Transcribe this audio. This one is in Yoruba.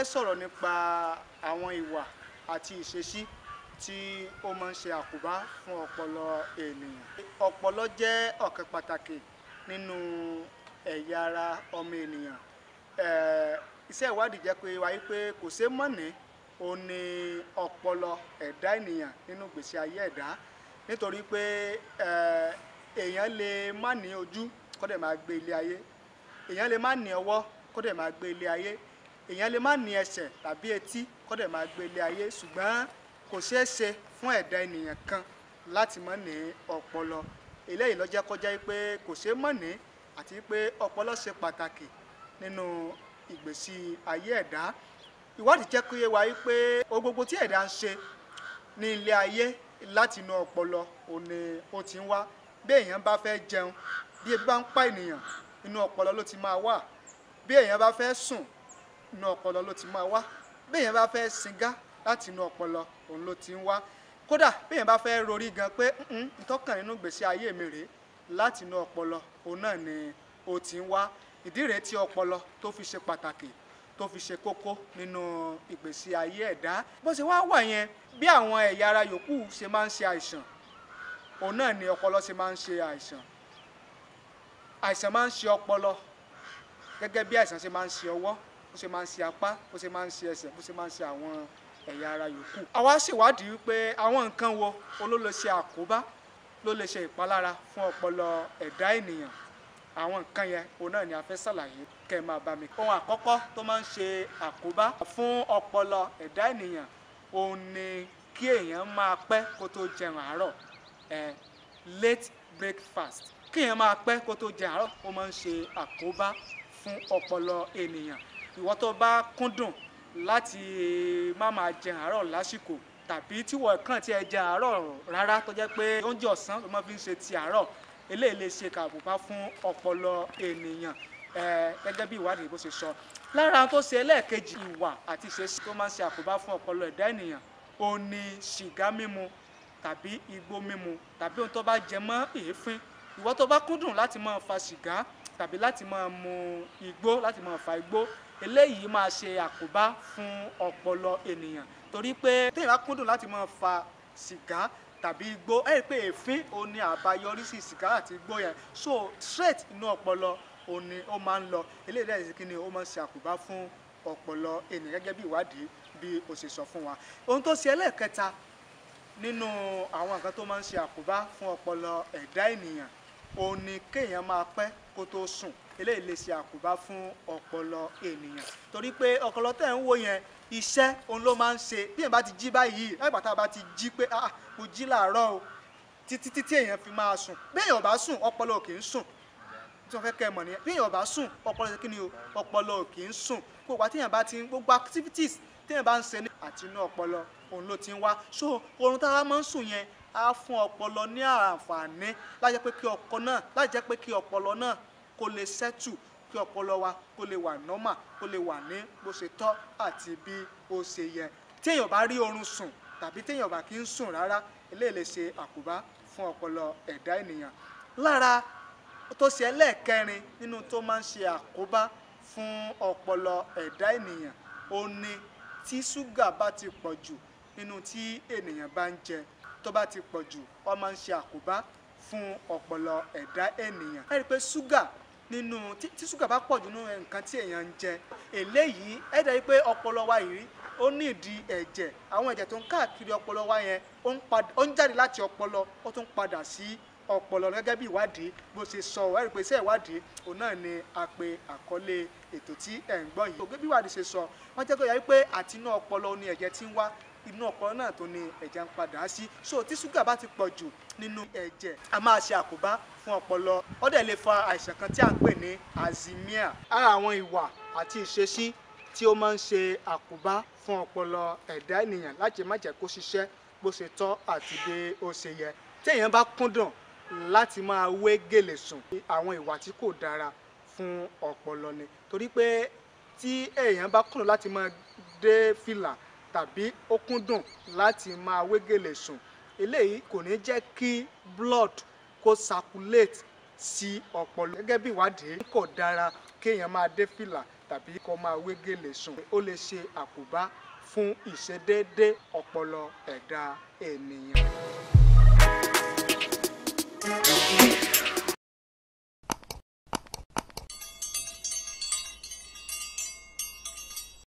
fẹ́ sọ̀rọ̀ nípa àwọn ìwà àti ìṣesí tí ó máa ń ṣe àkóbá fún ọpọlọ ènìyàn. Ọpọlọ jẹ́ ọ̀kan pàtàkì nínú ẹ̀yà ara ọmọ ènìyàn. Iṣẹ́ ìwádìí jẹ́ pé wáyé pé kò ṣeé mọ̀nì ó ní ọpọlọ ẹ̀dá ènìyàn nínú ìgbésí ayé ẹ̀dá nítorí pé èèyàn lè má ní ojú kó dẹ̀ máa gbé ilé ayé èèyàn lè má ní ọwọ́ kó dẹ̀ máa gbé ilé ayé èèyàn lè má ní ẹsẹ̀ tàbí etí kó dẹ̀ máa gbé ilé ayé ṣùgbọ́n kò ṣeé ṣe fún ẹ̀dá ènìyàn kan láti má ní ọpọlọ eléyìí ló jẹ́ kó jẹ́ pé kò ṣeé má ní àti pé ọpọlọ ṣe pàtàkì nínú ìgbésí ayé ẹ̀dá ìwádìí jẹ́ kó yé wa wípé tí ẹ̀dá ń ṣe ní ilé ayé láti inú ọpọlọ òun ni ó ti ń wá bí èèyàn bá fẹ́ jẹun bí ebi bá ń pa ènìyàn inú ọpọlọ ló ti máa wà bí èèyàn bá fẹ́ sùn inú ọpọlọ ló ti máa wá béèyàn bá fẹ́ singá láti inú ọpọlọ òun ló ti ń wá kódà béèyàn bá fẹ́ rorí gan pé ntọ́kàn nínú gbèsè ayé mi rèé láti inú ọpọlọ òun náà ni ó ti ń wá ìdí rèé tí ọpọlọ tó fi ṣe pàtàkì tó fi ṣe kókó nínú ìgbésí ayé ẹ̀dá bó ṣe wá wà yẹn bí àwọn ẹ̀yà ara yòókù ṣe máa ń ṣe àìsàn òun náà ni ọpọlọ ṣe máa ń ṣe àìsàn àìsàn máa ń ṣe ọpọlọ gẹ́gẹ́ bí àìsàn ṣe máa ń ṣe ọwọ́ bó ṣe máa ń ṣe apá bó ṣe máa ń ṣe ẹsẹ̀ bó ṣe máa ń ṣe àwọn ẹ̀yà ara yòókù. àwa ṣèwádìí wípé àwọn nǹkan wo ló ṣe àkóbá ló lè ṣe ìpalára fún ọpọlọ ẹ̀dá ènìyàn àwọn nǹkan yẹn òun náà ni a fẹ́ ṣàlàyé kẹ́ ẹ máa bá mi. ohun àkọ́kọ́ tó máa ń ṣe àkóbá fún ọpọlọ ẹ̀dá ènìyàn òun ni kí èèyàn máa pẹ́ kó tó jẹun àárọ̀ late breakfast kí èèyàn máa pẹ́ kó tó jẹun àárọ̀ ó máa ń ṣe àkóbá fún ọpọlọ ènìyàn ìwọ tó bá kúndùn láti má máa jẹ àárọ̀ lásìkò tàbí tíwọ̀ kàn tí ẹ jẹ àárọ̀ rárá tó jẹ́ pé oúnjẹ ọ̀sán ló máa fi ń ṣe ti àárọ̀ eléyìí lè ṣe kàbùbá fún ọpọlọ ènìyàn gẹ́gẹ́ bí ìwádìí bó ṣe sọ lára tó ṣe ẹlẹ́ẹ̀kejì ìwà àti ìṣesí tó máa ń ṣe àkóbá fún ọpọlọ ẹ̀dá ènìyàn ó ní sìgá mímu tàbí igbó mímu tàbí ohun tó bá jẹ mọ́ èéfín ìwọ tó bá kúndùn láti máa fa sìgá tàbí láti máa mu igbó láti máa fa igbó eléyìí máa ṣe àkóbá fún ọpọlọ ènìyàn torí pé téèyàn bá kúndùn láti máa fa sìgá tàbí igbó ẹ rí i pé èéfín òun ni àbáyọrí sí sìgá àti igbó yẹn so straight inú ọpọlọ òun ni ó máa ń lọ eléyìí dẹ̀ kí ni ó máa ń ṣe àkóbá fún ọpọlọ ènìyàn gẹ́gẹ́ bí ìwádìí bí o ṣe sọ fún wa ohun tó ṣe ẹlẹ́ẹ̀kẹta nínú àwọn nǹkan tó máa ń ṣe àkóbá fún ọpọlọ ẹ̀dá ènìyàn òun ni kéèyàn máa pẹ́ kó tó sùn eléyìí lè ṣe àkóbá fún ọpọlọ ènìyàn torí pé ọpọlọ tẹ̀ ń wò yẹn iṣẹ́ òun ló máa ń ṣe bí èèyàn bá ti jí báyìí láì bàtà bá ti jí pé ah mo jí làárọ̀ o títí títí èèyàn fi máa sùn bí èèyàn bá sùn ọpọlọ kì í sùn tí wọ́n fẹ́ kẹ́ mọ̀ nìyẹn bí èèyàn bá sùn ọpọlọ kí ni o ọpọlọ kì í sùn kó wá téèyàn bá ti ń gbogbo activities téèyàn bá ń ṣe ní àtinú ọpọlọ òun ló ti ń wá so oorun tára máa ń sùn yẹn á fún ọpọlọ ní àǹfààní láti jẹ́ pé kí ọkọ náà láti jẹ́ pé kí ọpọlọ náà kó lè sẹ́tù kí ọpọlọ wa kó lè wà nọ́mà kó lè wà ní bó ṣe tọ́ àti bí ó ṣe yẹ tí èèyàn bá rí oorun sùn tàbí tí èèyàn bá kí ń sùn rárá eléyìí lè ṣe àkóbá fún ọpọlọ ẹ̀dá ènìyàn lára tó ṣe ẹlẹ́ẹ̀kẹrin nínú tó máa ń ṣe àkóbá fún ọpọlọ ẹ̀dá ènìyàn ó tí ṣúgà bá ti pọ̀ nínú tí ènìyàn bá ń jẹ tó bá ti pọ̀ jù ó máa ń ṣe àkóbá fún ọpọlọ ẹ̀dá ènìyàn ẹ rí i pé ṣúgà nínú tí ṣúgà bá pọ̀ jù nínú nǹkan tí èèyàn ń jẹ eléyìí ẹ dàbí pé ọpọlọ wa yìí ó ní ìdí ẹ̀jẹ̀ àwọn ẹ̀jẹ̀ tó ń káàkiri ọpọlọ wa yẹn ó ń jáde láti ọpọlọ ó tún padà sí ọpọlọ gẹ́gẹ́ bí ìwádìí bó ṣe sọ ẹ rí i pé iṣẹ́ ìwádìí òun náà ni a pe àkọlé ètò tí ẹ̀ ń gbọ́ yìí. gẹ́gẹ́ bí ìwádìí ṣe sọ wọ́n jẹ́ kó yẹ pé àtinú ọpọlọ ni ẹ̀jẹ̀ ti ń wá inú ọpọlọ náà tó ní ẹ̀jẹ̀ ń padà sí so tí ṣúgà bá ti pọ̀ jù nínú ẹ̀jẹ̀ a máa ṣe àkóbá fún ọpọlọ ó dẹ̀ lè fa àìsàn kan tí a ń pè ní azimia ara àwọn ìwà àti ìṣesí tí ó máa ń ṣe àkóbá fún ọpọlọ ẹ̀dá ènìyàn láti má jẹ́ kó ṣiṣẹ́ bó ṣe tọ́ àti bí ó ṣe yẹ téèyàn bá kúndùn láti máa wé gèlè sùn àwọn ìwà tí kò dára fún ọpọlọ ni torí pé tí èèyàn bá kúndùn láti máa dé fìlà tàbí ó kúndùn láti máa wégele sùn eléyìí kò ní jẹ́ kí blood kó circulate sí ọpọlọ gẹ́gẹ́ bí ìwádìí kò dára kéèyàn máa dé fìlà tàbí kó máa wégele sùn ó lè ṣe àkóbá fún ìṣedéédé ọpọlọ ẹ̀dá ènìyàn.